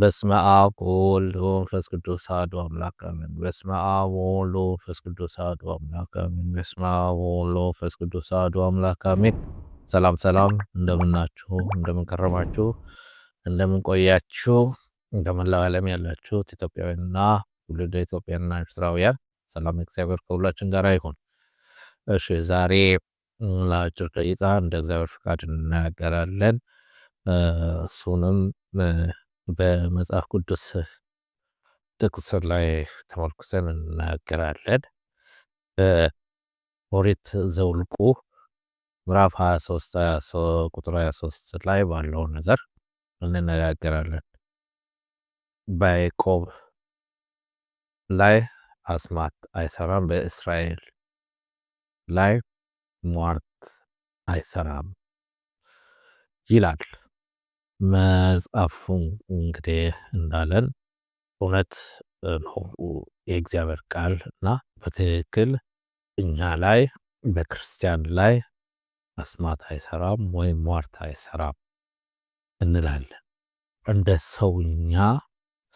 በስመ አብ ወወልድ ወመንፈስ ቅዱስ አሐዱ አምላክ አሜን። በስመ አብ ወወልድ ወመንፈስ ቅዱስ አሐዱ አምላክ አሜን። በስመ አብ ወወልድ ወመንፈስ ቅዱስ አሐዱ አምላክ አሜን። ሰላም ሰላም፣ እንደምናችሁ፣ እንደምንከረማችሁ፣ እንደምንቆያችሁ እንደመላው ዓለም ያላችሁት ኢትዮጵያውያንና ትውልደ ኢትዮጵያና ኤርትራውያን ሰላም እግዚአብሔር ከሁላችን ጋር ይሁን። እሺ ዛሬ ለአጭር ቆይታ እንደ እግዚአብሔር ፍቃድ እንናገራለን እሱንም በመጽሐፍ ቅዱስ ጥቅስ ላይ ተመርኩሰን እናገራለን። በኦሪት ዘውልቁ ምዕራፍ 23 ቁጥር 23 ላይ ባለው ነገር እንነጋገራለን። በያዕቆብ ላይ አስማት አይሰራም፣ በእስራኤል ላይ ሟርት አይሰራም ይላል። መጽሐፉ እንግዲህ እንዳለን እውነት ነው የእግዚአብሔር ቃል እና በትክክል እኛ ላይ በክርስቲያን ላይ መስማት አይሰራም ወይም ሟርት አይሰራም እንላለን። እንደ ሰውኛ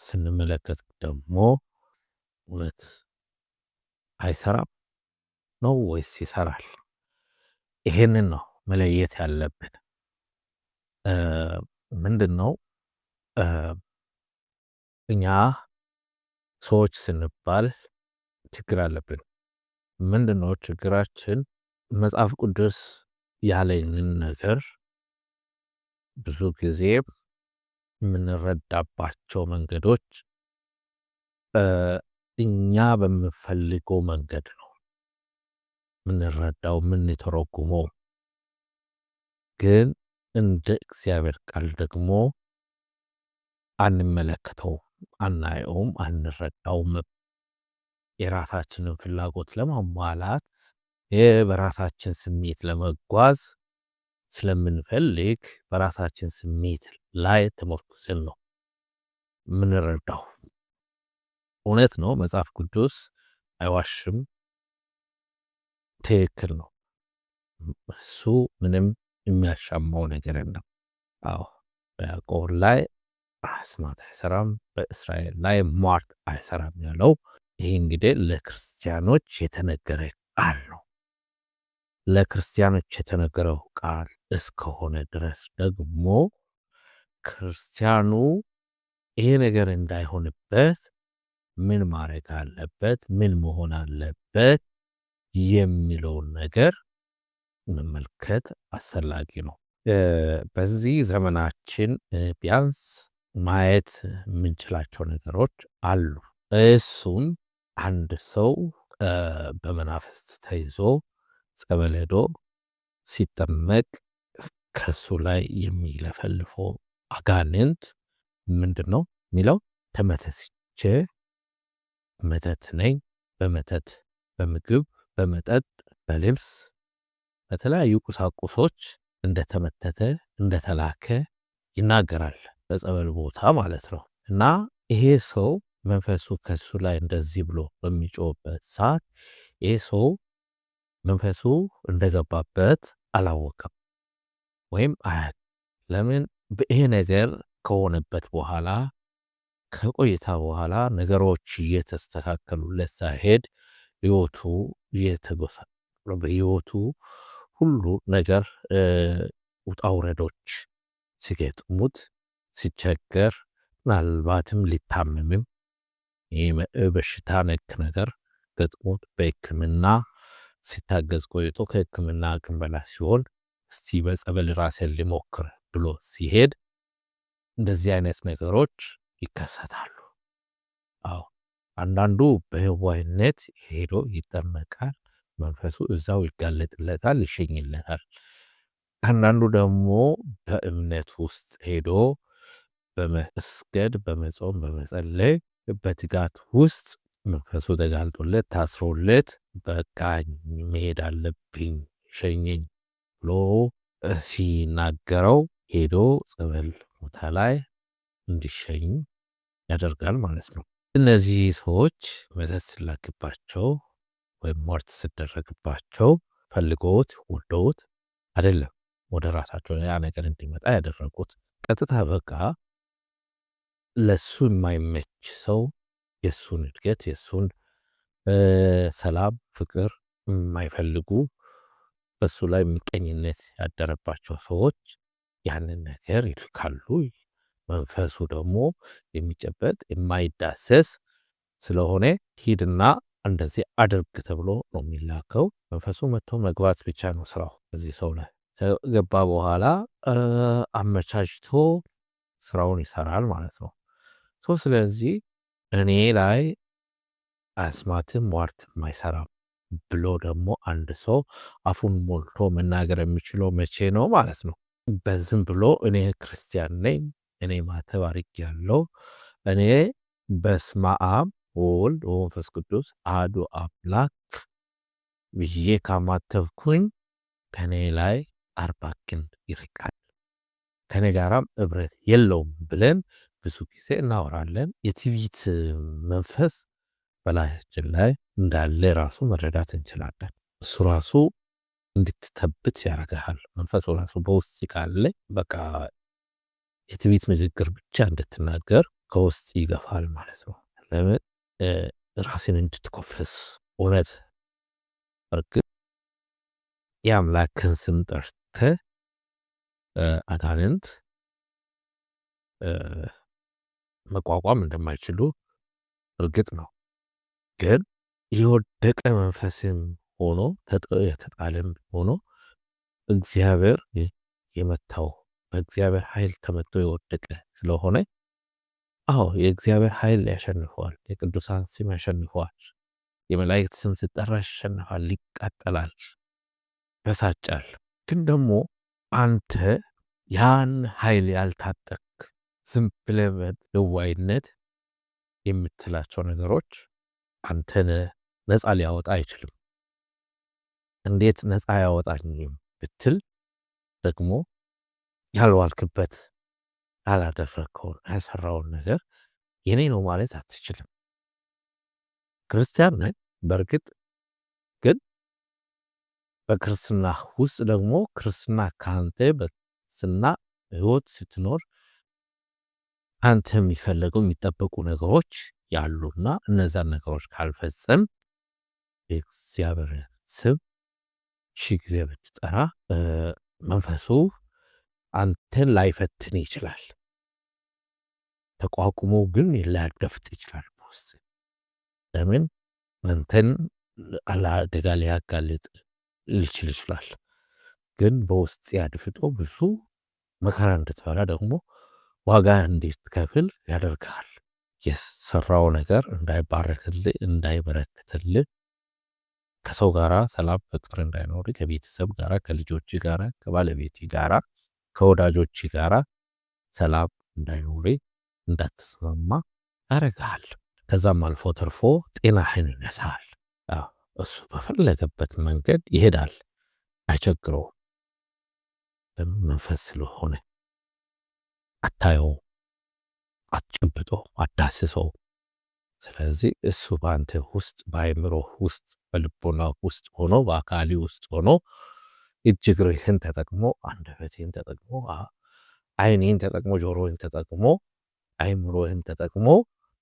ስንመለከት ደግሞ እውነት አይሰራም ነው ወይስ ይሰራል? ይሄንን ነው መለየት ያለብን። ምንድን ነው እኛ ሰዎች ስንባል ችግር አለብን። ምንድን ነው ችግራችን? መጽሐፍ ቅዱስ ያለንን ነገር ብዙ ጊዜ የምንረዳባቸው መንገዶች እኛ በምንፈልገው መንገድ ነው ምንረዳው፣ ምንተረጉመው ግን እንደ እግዚአብሔር ቃል ደግሞ አንመለከተውም፣ አናየውም፣ አንረዳውም። የራሳችንን ፍላጎት ለማሟላት በራሳችን ስሜት ለመጓዝ ስለምንፈልግ በራሳችን ስሜት ላይ ተመርኩዘን ነው ምንረዳው። እውነት ነው፣ መጽሐፍ ቅዱስ አይዋሽም፣ ትክክል ነው። እሱ ምንም የሚያሻማው ነገር የለም። አዎ በያዕቆብ ላይ አስማት አይሰራም፣ በእስራኤል ላይ ሟርት አይሰራም ያለው ይህ እንግዲህ ለክርስቲያኖች የተነገረ ቃል ነው። ለክርስቲያኖች የተነገረው ቃል እስከሆነ ድረስ ደግሞ ክርስቲያኑ ይሄ ነገር እንዳይሆንበት ምን ማድረግ አለበት? ምን መሆን አለበት? የሚለውን ነገር መመልከት አስፈላጊ ነው። በዚህ ዘመናችን ቢያንስ ማየት የምንችላቸው ነገሮች አሉ። እሱም አንድ ሰው በመናፍስት ተይዞ ጸበል ሄዶ ሲጠመቅ ከሱ ላይ የሚለፈልፈው አጋንንት ምንድን ነው የሚለው ተመተስቼ መተት ነኝ በመተት በምግብ በመጠጥ በልብስ በተለያዩ ቁሳቁሶች እንደተመተተ እንደተላከ ይናገራል። በጸበል ቦታ ማለት ነው። እና ይሄ ሰው መንፈሱ ከሱ ላይ እንደዚህ ብሎ በሚጮበት ሰዓት ይሄ ሰው መንፈሱ እንደገባበት አላወቀም ወይም አያት። ለምን ይሄ ነገር ከሆነበት በኋላ ከቆይታ በኋላ ነገሮች እየተስተካከሉለት ሳይሄድ ህይወቱ እየተጎሳ በህይወቱ ሁሉ ነገር ውጣ ውረዶች ሲገጥሙት ሲቸገር ምናልባትም ሊታምምም በሽታ ነክ ነገር ገጥሞት በሕክምና ሲታገዝ ቆይቶ ከሕክምና አቅም በላይ ሲሆን እስቲ በጸበል ራሴን ሊሞክር ብሎ ሲሄድ እንደዚህ አይነት ነገሮች ይከሰታሉ። አዎ አንዳንዱ በህዋይነት ሄዶ ይጠመቃል። መንፈሱ እዛው ይጋለጥለታል፣ ይሸኝለታል። አንዳንዱ ደግሞ በእምነት ውስጥ ሄዶ በመስገድ በመጾም በመጸለይ በትጋት ውስጥ መንፈሱ ተጋልጦለት ታስሮለት በቃኝ መሄድ አለብኝ ሸኝኝ ብሎ ሲናገረው ሄዶ ጸበል ቦታ ላይ እንዲሸኝ ያደርጋል ማለት ነው። እነዚህ ሰዎች መተት ስላክባቸው ወይም ሟርት ስደረግባቸው ፈልጎት ወዶት አይደለም ወደ ራሳቸው ያ ነገር እንዲመጣ ያደረጉት። ቀጥታ በቃ ለሱ የማይመች ሰው የእሱን እድገት የእሱን ሰላም ፍቅር የማይፈልጉ በሱ ላይ ምቀኝነት ያደረባቸው ሰዎች ያንን ነገር ይልካሉ። መንፈሱ ደግሞ የሚጨበጥ የማይዳሰስ ስለሆነ ሂድና እንደዚህ አድርግ ተብሎ ነው የሚላከው። መንፈሱ መጥቶ መግባት ብቻ ነው ስራው። እዚህ ሰው ላይ ገባ በኋላ አመቻችቶ ስራውን ይሰራል ማለት ነው። ሶ ስለዚህ እኔ ላይ አስማትም ሟርትም አይሰራም ብሎ ደግሞ አንድ ሰው አፉን ሞልቶ መናገር የሚችለው መቼ ነው ማለት ነው? በዝም ብሎ እኔ ክርስቲያን ነኝ፣ እኔ ማተብ አድርጌያለሁ፣ እኔ በስመ አብ ወወልድ ወመንፈስ ቅዱስ አሐዱ አምላክ ብዬ ካማተብኩኝ ከኔ ላይ አርባ ክንድ ይርቃል፣ ከኔ ጋራም እብረት የለውም ብለን ብዙ ጊዜ እናወራለን። የትዕቢት መንፈስ በላያችን ላይ እንዳለ ራሱ መረዳት እንችላለን። እሱ ራሱ እንድትተብት ያደርግሃል። መንፈሱ ራሱ በውስጥ ካለ በቃ የትዕቢት ንግግር ብቻ እንድትናገር ከውስጥ ይገፋል ማለት ነው። ለምን ራሴን እንድትኮፍስ እውነት እርግጥ የአምላክን ስም ጠርተ አጋንንት መቋቋም እንደማይችሉ እርግጥ ነው። ግን የወደቀ መንፈስም ሆኖ የተጣለም ሆኖ እግዚአብሔር የመታው በእግዚአብሔር ኃይል ተመቶ የወደቀ ስለሆነ አዎ የእግዚአብሔር ኃይል ያሸንፈዋል። የቅዱሳን ስም ያሸንፈዋል። የመላእክት ስም ሲጠራ ያሸንፋል፣ ይቃጠላል፣ በሳጫል። ግን ደግሞ አንተ ያን ኃይል ያልታጠቅ ዝም ብለህ የምትላቸው ነገሮች አንተን ነፃ ሊያወጣ አይችልም። እንዴት ነፃ ያወጣኝም ብትል ደግሞ ያልዋልክበት አላደረግከውን ያሰራውን ነገር የኔ ነው ማለት አትችልም። ክርስቲያን ነን በእርግጥ ግን በክርስትና ውስጥ ደግሞ ክርስትና ከአንተ በክርስትና ህይወት ስትኖር አንተ የሚፈለገው የሚጠበቁ ነገሮች ያሉና እነዛን ነገሮች ካልፈጸም የእግዚአብሔር ስም ሺ ጊዜ ብትጠራ መንፈሱ አንተን ላይፈትን ይችላል። ተቋቁሞ ግን ሊያደፍጥ ይችላል። በውስጥ ለምን አንተን አደጋ ሊያጋልጥ ሊችል ይችላል። ግን በውስጥ ያድፍጦ ብዙ መከራ እንድትበላ ደግሞ ዋጋ እንድትከፍል ያደርግሃል። የሰራው ነገር እንዳይባረክል እንዳይበረክትል፣ ከሰው ጋራ ሰላም ፍቅር እንዳይኖር፣ ከቤተሰብ ጋራ፣ ከልጆች ጋራ፣ ከባለቤት ጋራ፣ ከወዳጆች ጋራ ሰላም እንዳይኖር እንዳትስማማ ያደርግሃል። ከዛም አልፎ ተርፎ ጤናህን ይነሳል። እሱ በፈለገበት መንገድ ይሄዳል፣ አይቸግረውም። መንፈስ ስለሆነ አታየው፣ አትጨብጦ፣ አዳስሶ። ስለዚህ እሱ በአንተ ውስጥ በአይምሮ ውስጥ በልቦና ውስጥ ሆኖ በአካሊ ውስጥ ሆኖ እጅ እግርህን ተጠቅሞ አንደበትህን ተጠቅሞ አይኔን ተጠቅሞ ጆሮን ተጠቅሞ አይምሮህን ተጠቅሞ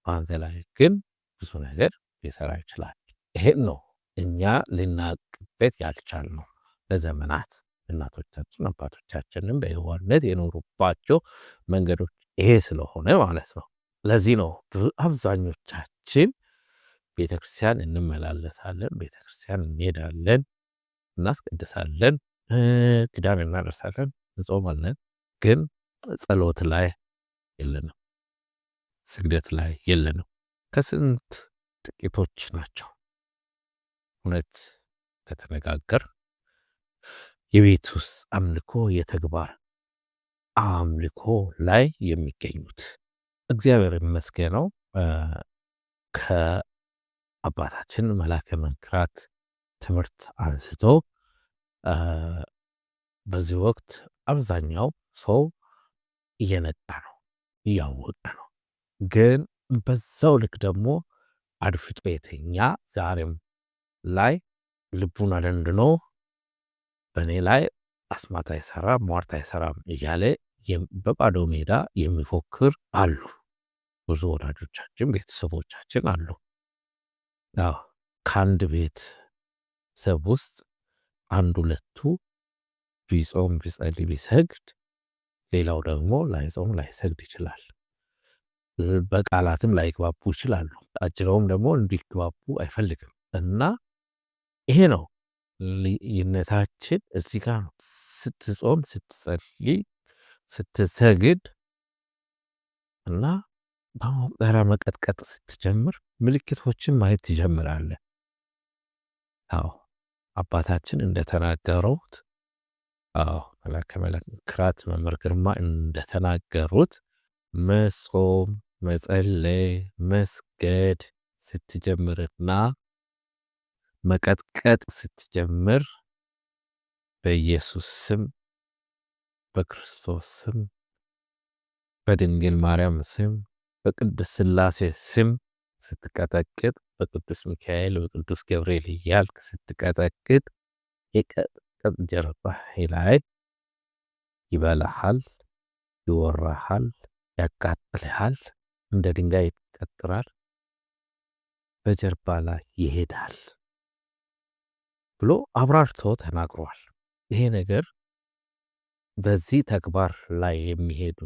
በአንተ ላይ ግን ብዙ ነገር ሊሰራ ይችላል። ይሄን ነው እኛ ልናቅበት ነው። ለዘመናት እናቶቻችን አባቶቻችንም በየዋህነት የኖሩባቸው መንገዶች ይሄ ስለሆነ ማለት ነው። ለዚህ ነው አብዛኞቻችን ቤተክርስቲያን እንመላለሳለን፣ ቤተክርስቲያን እንሄዳለን፣ እናስቀድሳለን፣ ኪዳን እናደርሳለን፣ እንጾማለን፣ ግን ጸሎት ላይ የለንም። ስግደት ላይ የለንም። ከስንት ጥቂቶች ናቸው። እውነት ከተነጋገር የቤት ውስጥ አምልኮ የተግባር አምልኮ ላይ የሚገኙት እግዚአብሔር ይመስገነው ከአባታችን መላከ መንክራት ትምህርት አንስቶ በዚህ ወቅት አብዛኛው ሰው እየነጣ ነው፣ እያወቀ ነው። ግን በዛው ልክ ደግሞ አድፍጦ የተኛ ዛሬም ላይ ልቡን አደንድኖ በእኔ ላይ አስማት አይሰራም ሟርት አይሰራም እያለ በባዶ ሜዳ የሚፎክር አሉ። ብዙ ወላጆቻችን፣ ቤተሰቦቻችን አሉ። ከአንድ ቤተሰብ ውስጥ አንድ ሁለቱ ቢጾም ቢጸልይ ቢሰግድ፣ ሌላው ደግሞ ላይጾም ላይሰግድ ይችላል። በቃላትም ላይግባቡ ይችላሉ። አጭረውም ደግሞ እንዲግባቡ አይፈልግም እና ይሄ ነው ልዩነታችን። እዚህ ጋር ስትጾም፣ ስትጸልይ፣ ስትሰግድ እና በመቁጠሪያ መቀጥቀጥ ስትጀምር ምልክቶችን ማየት ትጀምራለ። አዎ አባታችን እንደተናገሩት አዎ መላከ መለኮት መምህር ግርማ እንደተናገሩት መጾም፣ መጸለይ፣ መስገድ ስትጀምርና መቀጥቀጥ ስትጀምር በኢየሱስ ስም በክርስቶስ ስም በድንግል ማርያም ስም በቅዱስ ስላሴ ስም ስትቀጠቅጥ በቅዱስ ሚካኤል በቅዱስ ገብርኤል እያልክ ስትቀጠቅጥ የቀጥቀጥ ጀርባህ ላይ ይበላሃል፣ ይወራሃል። ያቃጥልሃል፣ እንደ ድንጋይ ይቀጥራል፣ በጀርባ ላይ ይሄዳል ብሎ አብራርቶ ተናግሯል። ይሄ ነገር በዚህ ተግባር ላይ የሚሄዱ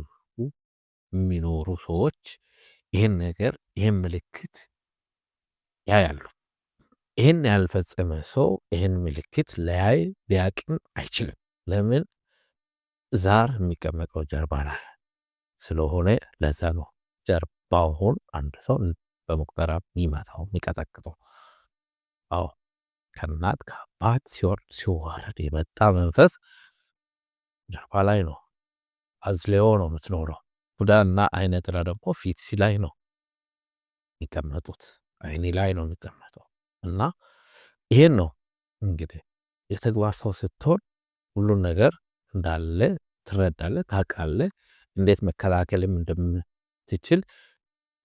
የሚኖሩ ሰዎች ይህን ነገር ይህን ምልክት ያያሉ። ይህን ያልፈጸመ ሰው ይህን ምልክት ለያይ ሊያቅም አይችልም። ለምን? ዛር የሚቀመጠው ጀርባ ላይ ስለሆነ ለዛ ነው ጀርባውን አንድ ሰው በመቁጠራ የሚመታው የሚቀጠቅጠው። አዎ ከእናት ከአባት ሲወርድ ሲዋረድ የመጣ መንፈስ ጀርባ ላይ ነው። አዝሌዮ ነው የምትኖረው። ቡዳና አይነ ጥላ ደግሞ ፊት ላይ ነው የሚቀመጡት፣ አይኔ ላይ ነው የሚቀመጠው። እና ይሄን ነው እንግዲህ የተግባር ሰው ስትሆን ሁሉን ነገር እንዳለ ትረዳለ ታቃለ። እንዴት መከላከልም እንደምትችል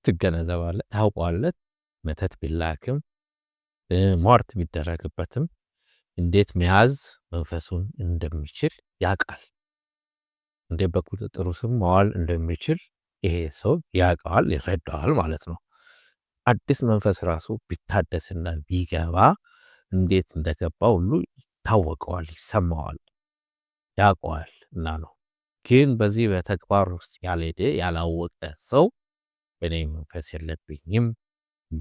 ትገነዘባለ፣ ታውቋለት። መተት ቢላክም ሟርት ቢደረግበትም እንዴት መያዝ መንፈሱን እንደሚችል ያቃል። እንዴት በቁጥጥሩ ስም መዋል እንደሚችል ይሄ ሰው ያቀዋል፣ ይረዳዋል ማለት ነው። አዲስ መንፈስ ራሱ ቢታደስና ቢገባ እንዴት እንደገባ ሁሉ ይታወቀዋል፣ ይሰማዋል፣ ያቀዋል እና ነው። ግን በዚህ በተግባር ውስጥ ያልሄደ ያላወቀ ሰው በእኔ መንፈስ የለብኝም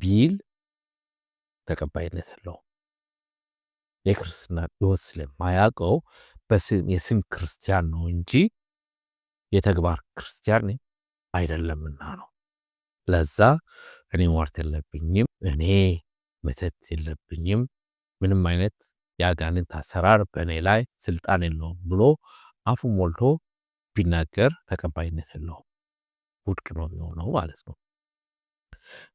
ቢል ተቀባይነት የለው። የክርስትና ሕይወት ስለማያውቀው የስም ክርስቲያን ነው እንጂ የተግባር ክርስቲያን አይደለምና ነው። ለዛ እኔ ሟርት የለብኝም፣ እኔ መተት የለብኝም፣ ምንም አይነት የአጋንንት አሰራር በእኔ ላይ ስልጣን የለውም ብሎ አፉ ሞልቶ ቢናገር ተቀባይነት የለውም፣ ውድቅ ነው የሚሆነው ማለት ነው።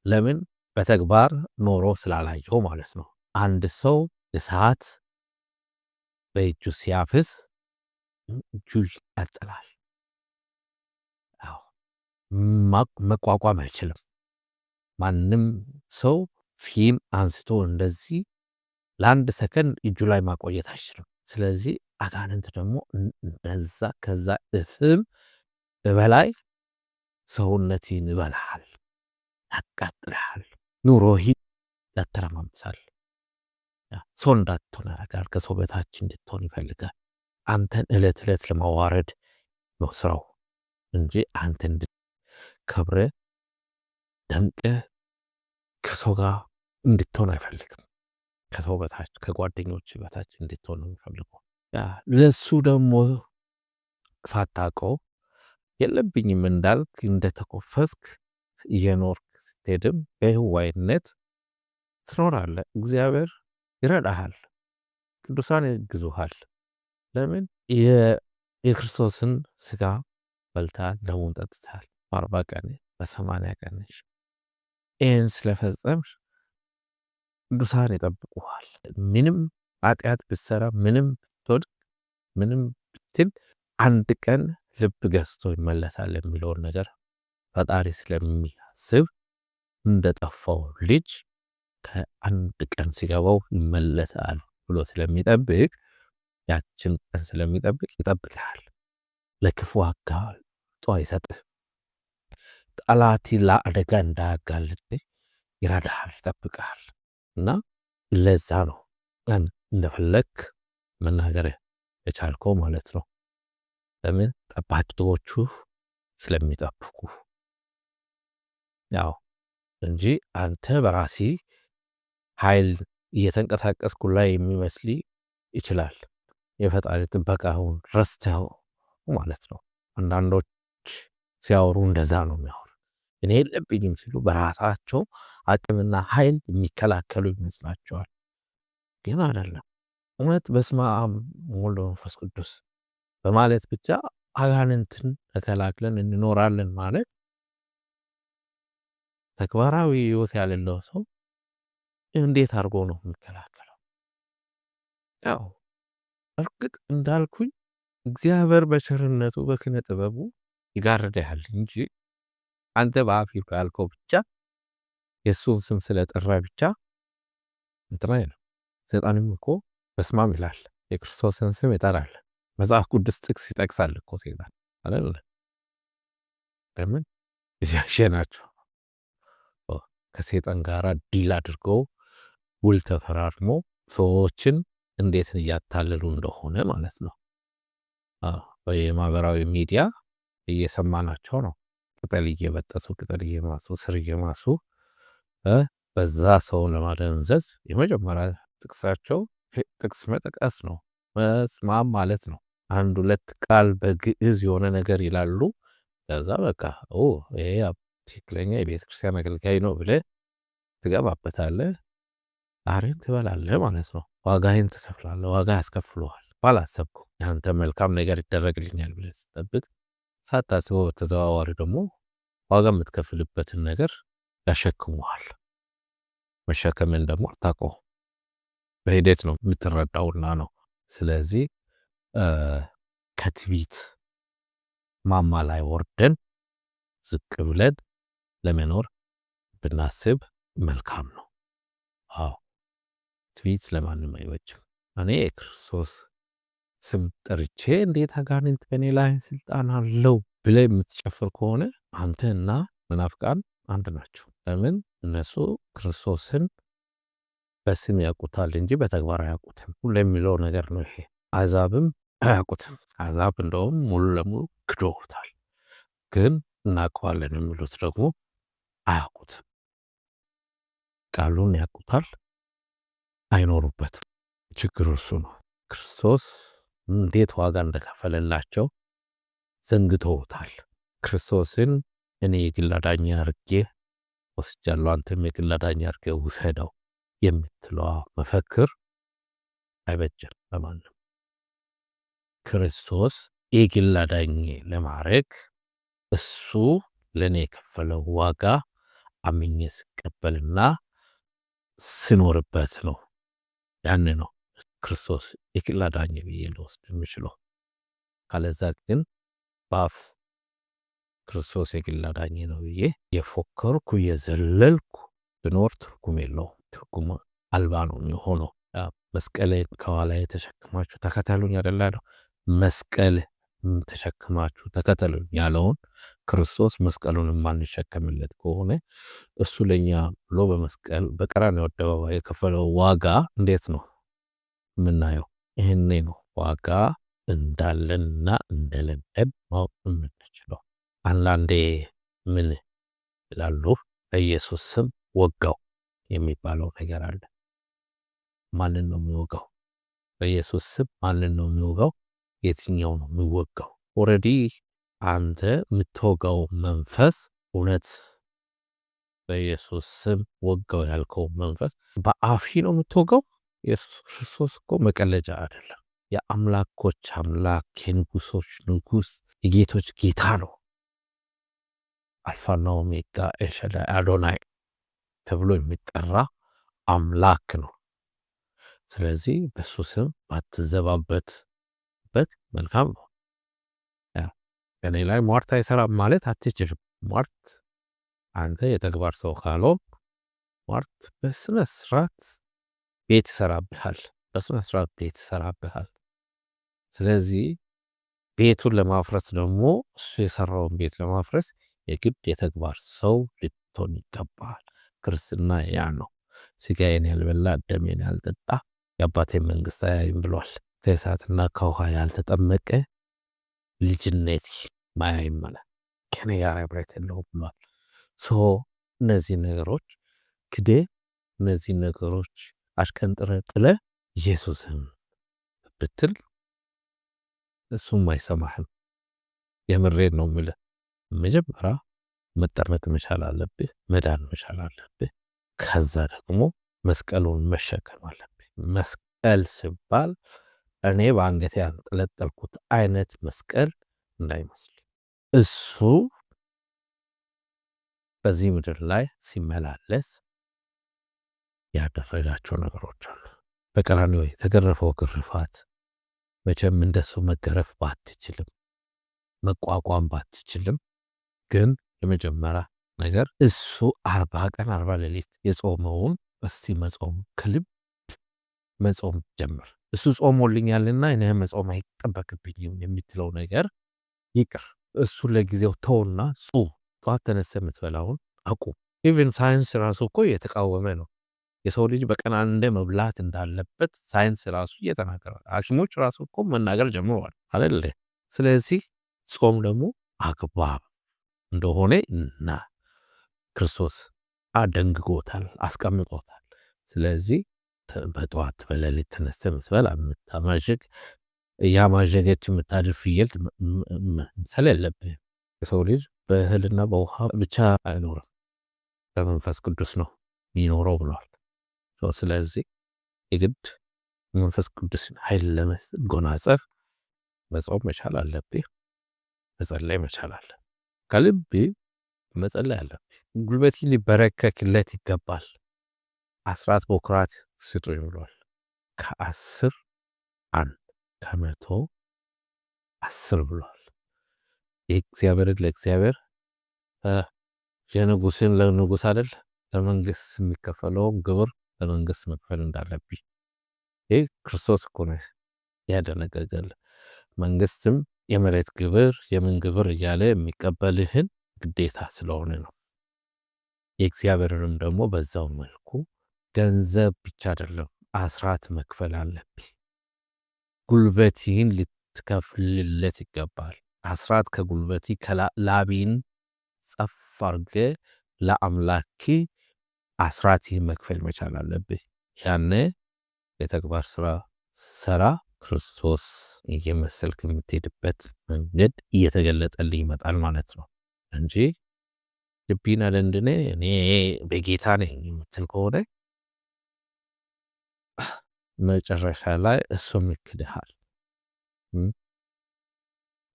ለምን በተግባር ኖሮ ስላላየው ማለት ነው። አንድ ሰው እሳት በእጁ ሲያፍስ እጁ ይቀጥላል መቋቋም አይችልም። ማንም ሰው ፊም አንስቶ እንደዚህ ለአንድ ሰከንድ እጁ ላይ ማቆየት አይችልም። ስለዚህ አጋንንት ደግሞ በዛ ከዛ እፍም በላይ ሰውነትን ይበላሃል፣ ያቃጥልሃል፣ ኑሮህ ያተረማምሳል። ሰው እንዳትሆን ያደርጋል። ከሰው በታች እንድትሆን ይፈልጋል። አንተን እለት እለት ለማዋረድ ነው ስራው እንጂ አንተ እንድከብረ ደምቀ ከሰው ጋር እንድትሆን አይፈልግም። ከሰው በታች ከጓደኞች በታች እንድትሆን ነው የሚፈልገው። ለሱ ደግሞ ሳታቀው የለብኝም እንዳልክ እንደተኮፈስክ እየኖርክ ስትሄድም በህዋይነት ትኖራለ። እግዚአብሔር ይረዳሃል፣ ቅዱሳን ይግዙሃል። ለምን የክርስቶስን ስጋ በልታ ደሙን ጠጥታል። በአርባ ቀን በሰማንያ ቀንሽ ይህን ስለፈጸምሽ ቅዱሳን ይጠብቁሃል። ምንም ኃጢአት ብሰራ ምንም ብትወድቅ ምንም ብትል አንድ ቀን ልብ ገዝቶ ይመለሳል የሚለውን ነገር ፈጣሪ ስለሚያስብ እንደጠፋው ልጅ ከአንድ ቀን ሲገባው ይመለሳል ብሎ ስለሚጠብቅ ያችን ቀን ስለሚጠብቅ ይጠብቃል። ለክፉ አጋልጦ አይሰጥህ። ጠላቲ ለአደጋ እንዳያጋልጥ ይረዳሃል፣ ይጠብቃል እና ለዛ ነው እንደፈለግ መናገር የቻልከው ማለት ነው። ለምን ጠባቂዎቹ ስለሚጠብቁ ያው እንጂ አንተ በራሲ ኃይል እየተንቀሳቀስኩ ላይ የሚመስል ይችላል። የፈጣሪ ጥበቃውን ረስተው ማለት ነው። አንዳንዶች ሲያወሩ እንደዛ ነው የሚያወሩ። እኔ የለብኝም ሲሉ በራሳቸው አቅምና ኃይል የሚከላከሉ ይመስላቸዋል፣ ግን አይደለም። እውነት በስመ አብ ወወልድ ወመንፈስ ቅዱስ በማለት ብቻ አጋንንትን ተከላክለን እንኖራለን ማለት ተግባራዊ ህይወት ያሌለው ሰው እንዴት አድርጎ ነው የሚከላከለው? ያው እርግጥ እንዳልኩኝ እግዚአብሔር በቸርነቱ በክነ ጥበቡ ይጋርዳሃል እንጂ አንተ በአፍ ያልከው ብቻ የእሱን ስም ስለጠራ ብቻ እንትና ነው። ሰይጣንም እኮ በስማም ይላል፣ የክርስቶስን ስም ይጠራል። መጽሐፍ ቅዱስ ጥቅስ ይጠቅሳል እኮ ሴጣን አይደል? ለምን ናቸው ከሴጣን ጋር ዲል አድርጎ ውል ተፈራርሞ ሰዎችን እንዴት እያታለሉ እንደሆነ ማለት ነው። በማህበራዊ ሚዲያ እየሰማናቸው ነው። ቅጠል እየበጠሱ ቅጠል እየማሱ ስር እየማሱ በዛ ሰውን ለማደንዘዝ የመጀመሪያ ጥቅሳቸው ጥቅስ መጠቀስ ነው። መስማም ማለት ነው። አንድ ሁለት ቃል በግዕዝ የሆነ ነገር ይላሉ። ከዛ በቃ ይሄ ትክክለኛ የቤተክርስቲያን አገልጋይ ነው ብለ ትገባበታለ፣ አሬን ትበላለ ማለት ነው። ዋጋህን ትከፍላለ። ዋጋ ያስከፍለዋል። ባላሰብኩ ያንተ መልካም ነገር ይደረግልኛል ብለ ስጠብቅ ሳታስበው በተዘዋዋሪ ደግሞ ዋጋ የምትከፍልበትን ነገር ያሸክመዋል። መሸከምን ደግሞ አታውቀውም። በሂደት ነው የምትረዳውና ነው። ስለዚህ ከትቢት ማማ ላይ ወርደን ዝቅ ብለን ለመኖር ብናስብ መልካም ነው። አዎ ትቢት ለማንም አይበጅም። እኔ የክርስቶስ ስም ጠርቼ እንዴት አጋንንት በእኔ ላይ ስልጣን አለው ብለ የምትጨፍር ከሆነ አንተ እና መናፍቃን አንድ ናቸው። ለምን እነሱ ክርስቶስን በስም ያውቁታል እንጂ በተግባር አያውቁትም የሚለው ነገር ነው። ይሄ አዛብም አያውቁትም። አዛብ እንደውም ሙሉ ለሙሉ ክዶታል። ግን እናውቀዋለን የሚሉት ደግሞ አያውቁትም። ቃሉን ያውቁታል፣ አይኖሩበትም። ችግር እሱ ነው። ክርስቶስ እንዴት ዋጋ እንደከፈለላቸው ዘንግተውታል። ክርስቶስን እኔ የግል አዳኝ አርጌ ወስጃለሁ፣ አንተም የግል አዳኝ አርጌ ውሰደው የምትለዋ መፈክር አይበጀም ለማንም። ክርስቶስ የግል አዳኜ ለማድረግ እሱ ለእኔ የከፈለው ዋጋ አምኜ ስቀበልና ስኖርበት ነው። ያን ነው ክርስቶስ የግል አዳኜ ብዬ ልወስድ የምችለው። ካለዛ ግን በአፍ ክርስቶስ የግል አዳኜ ነው ብዬ የፎከርኩ የዘለልኩ ብኖር ትርጉም የለውም። ትርጉም አልባ ነው የሚሆነው። መስቀል ከኋላ የተሸክማችሁ ተከተሉኝ አይደለ ነው። መስቀል ተሸክማችሁ ተከተሉኝ ያለውን ክርስቶስ መስቀሉን የማንሸከምለት ከሆነ እሱ ለእኛ ብሎ በመስቀል በቀራንዮ አደባባይ የከፈለው ዋጋ እንዴት ነው የምናየው? ይህኔ ነው ዋጋ እንዳለንና እንደሌለን ማወቅ የምንችለው። አንዳንዴ ምን ይላሉ? በኢየሱስ ስም ወጋው የሚባለው ነገር አለ። ማንን ነው የሚወጋው? በኢየሱስ ስም ማንን ነው የሚወጋው? የትኛው ነው የሚወጋው? ኦልሬዲ አንተ የምትወጋው መንፈስ እውነት በኢየሱስ ስም ወጋው ያልከው መንፈስ በአፊ ነው የምትወጋው። ኢየሱስ ክርስቶስ እኮ መቀለጃ አይደለም። የአምላኮች አምላክ፣ የንጉሶች ንጉስ፣ የጌቶች ጌታ ነው። አልፋና ኦሜጋ ኤልሻዳይ አዶናይ ተብሎ የሚጠራ አምላክ ነው። ስለዚህ በሱ ስም ባትዘባበትበት መልካም ነው። እኔ ላይ ሟርት አይሰራም ማለት አትችልም። ሟርት አንተ የተግባር ሰው ካልሆን ሟርት በስነ ስርዓት ቤት ይሰራብሃል፣ በስነ ስርዓት ቤት ይሰራብሃል። ስለዚህ ቤቱን ለማፍረስ ደግሞ እሱ የሰራውን ቤት ለማፍረስ የግድ የተግባር ሰው ልትሆን ይገባል። ክርስትና ያ ነው። ስጋዬን ያልበላ ደሜን ያልጠጣ የአባቴ መንግስት አያይም ብሏል። ከእሳትና ከውሃ ያልተጠመቀ ልጅነት ማያይመለ ከኔ ጋር ብረት የለው ብሏል። እነዚህ ነገሮች ክዴ እነዚህ ነገሮች አሽቀንጥረ ጥለ ኢየሱስን ብትል እሱም አይሰማህም። የምሬድ ነው ሚለ መጀመሪያ መጠመቅ መቻል አለብህ፣ መዳን መቻል አለብህ። ከዛ ደግሞ መስቀሉን መሸከም አለብህ። መስቀል ሲባል እኔ በአንገቴ ያንጠለጠልኩት አይነት መስቀል እንዳይመስል እሱ በዚህ ምድር ላይ ሲመላለስ ያደረጋቸው ነገሮች አሉ። በቀራንዮ የተገረፈው ግርፋት መቼም እንደሱ መገረፍ ባትችልም መቋቋም ባትችልም ግን የመጀመሪያ ነገር እሱ አርባ ቀን አርባ ሌሊት የጾመውን እስቲ መጾም ክልብ መጾም ጀምር። እሱ ጾሞልኛልና እኔ መጾም አይጠበቅብኝም የምትለው ነገር ይቅር። እሱ ለጊዜው ተውና ጹ። ጠዋት ተነሰ የምትበላውን አቁም። ኢቨን ሳይንስ ራሱ እኮ የተቃወመ ነው። የሰው ልጅ በቀን አንዴ መብላት እንዳለበት ሳይንስ ራሱ እየተናገረ ሐኪሞች ራሱ እኮ መናገር ጀምረዋል አለ። ስለዚህ ጾም ደግሞ አግባብ እንደሆነ እና ክርስቶስ አደንግጎታል፣ አስቀምጦታል። ስለዚህ በጠዋት በሌሊት ተነስተ ምትበላ የምታማዥግ ያማዠገች የምታድር ፍየል መምሰል የለብህም። የሰው ልጅ በእህልና በውሃ ብቻ አይኖርም በመንፈስ ቅዱስ ነው የሚኖረው ብሏል። ስለዚህ የግድ መንፈስ ቅዱስን ኃይል ለመጎናጸፍ መጾም መቻል አለብህ፣ መጸለይ መቻል አለ ከልቤ መጸለይ አለብሽ። ጉልበት ሊበረከክለት ይገባል። አስራት በኩራት ስጡኝ ብሏል። ከአስር አንድ ከመቶ አስር ብሏል። የእግዚአብሔርን ለእግዚአብሔር የንጉስን ለንጉስ አደል ለመንግስት የሚከፈለው ግብር ለመንግስት መክፈል እንዳለብኝ ይህ ክርስቶስ እኮ ነው ያደነገገል መንግስትም የመሬት ግብር የምን ግብር እያለ የሚቀበልህን ግዴታ ስለሆነ ነው። የእግዚአብሔርንም ደግሞ በዛው መልኩ ገንዘብ ብቻ አይደለም አስራት መክፈል አለብህ። ጉልበትህን ልትከፍልለት ይገባል። አስራት ከጉልበት ላቢን ጸፍ አርገ ለአምላክ አስራት መክፈል መቻል አለብህ። ያነ የተግባር ስራ ሰራ ክርስቶስ እየመሰልክ የምትሄድበት መንገድ እየተገለጠልህ ይመጣል ማለት ነው እንጂ ልቤን አደንድነ እኔ በጌታ ነኝ የምትል ከሆነ መጨረሻ ላይ እሱም ይክድሃል።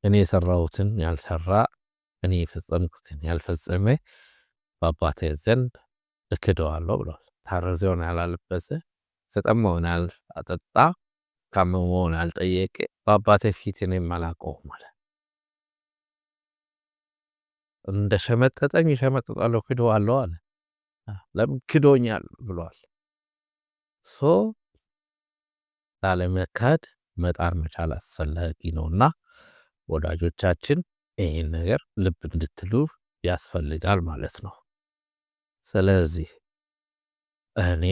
እኔ የሰራሁትን ያልሰራ፣ እኔ የፈጸምኩትን ያልፈጸመ በአባቴ ዘንድ እክደዋለሁ ብሏል። ታረዘውን ያላለበሰ ተጠማውን ያላጠጣ ካመመውን አልጠየቀ በአባቴ ፊት እኔ አላውቀውም አለ። እንደ ሸመጠጠኝ ሸመጠጣለሁ ክዶ አለው አለ። ለምን ክዶኛል ብሏል። ሶ ላለመካድ መጣር መቻል አስፈላጊ ነውና ወዳጆቻችን ይህን ነገር ልብ እንድትሉ ያስፈልጋል ማለት ነው። ስለዚህ እኔ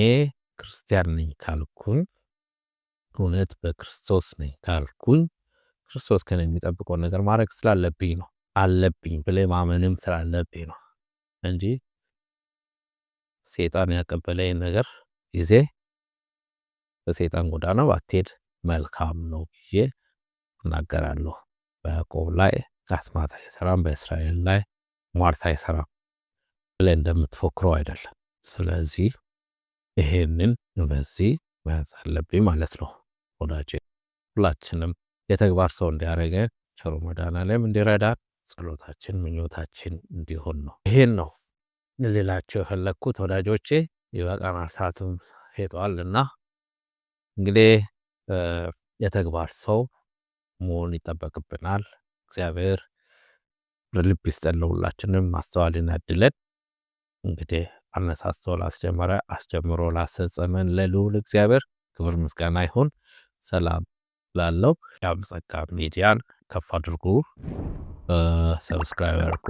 ክርስቲያን ነኝ ካልኩኝ እውነት በክርስቶስ ነኝ ካልኩኝ ክርስቶስ ከን የሚጠብቀው ነገር ማድረግ ስላለብኝ ነው አለብኝ ብለህ ማመንም ስላለብኝ ነው እንጂ ሴጣን ያቀበለኝ ነገር ጊዜ በሴጣን ጎዳና ባትሄድ መልካም ነው ብዬ እናገራለሁ። በያዕቆብ ላይ አስማት አይሰራም፣ በእስራኤል ላይ ሟርት አይሰራም ብለ እንደምትፎክረው አይደለም። ስለዚህ ይሄንን በዚህ መያዝ አለብኝ ማለት ነው። ወዳጅ ሁላችንም የተግባር ሰው እንዲያደረገ ቸሩ መድኃኔዓለም እንዲረዳ ጸሎታችን ምኞታችን እንዲሆን ነው። ይህን ነው ልላቸው የፈለግኩት ወዳጆቼ። የበቃናል ሰዓትም ሄጧል እና እንግዲህ የተግባር ሰው መሆን ይጠበቅብናል። እግዚአብሔር ልብ ይስጠን። ለሁላችንም ማስተዋልን ያድለን። እንግዲህ አነሳስቶ ላስጀመረ አስጀምሮ ላሰጸመን ለልዑል እግዚአብሔር ክብር ምስጋና ይሁን። ሰላም ላለው ያም ጸጋ ሚዲያን ከፍ አድርጉ፣ ሰብስክራይብ አድርጉ፣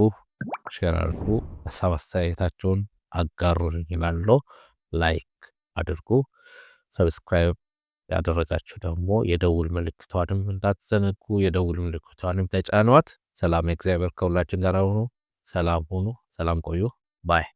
ሼር አድርጉ፣ ሀሳብ አስተያየታችሁን አጋሩን ይላለው። ላይክ አድርጉ። ሰብስክራይብ ያደረጋችሁ ደግሞ የደውል ምልክቷንም እንዳትዘነጉ፣ የደውል ምልክቷንም ተጫኗት። ሰላም እግዚአብሔር ከሁላችን ጋር ሆኑ። ሰላም ሁኑ። ሰላም ቆዩ ባይ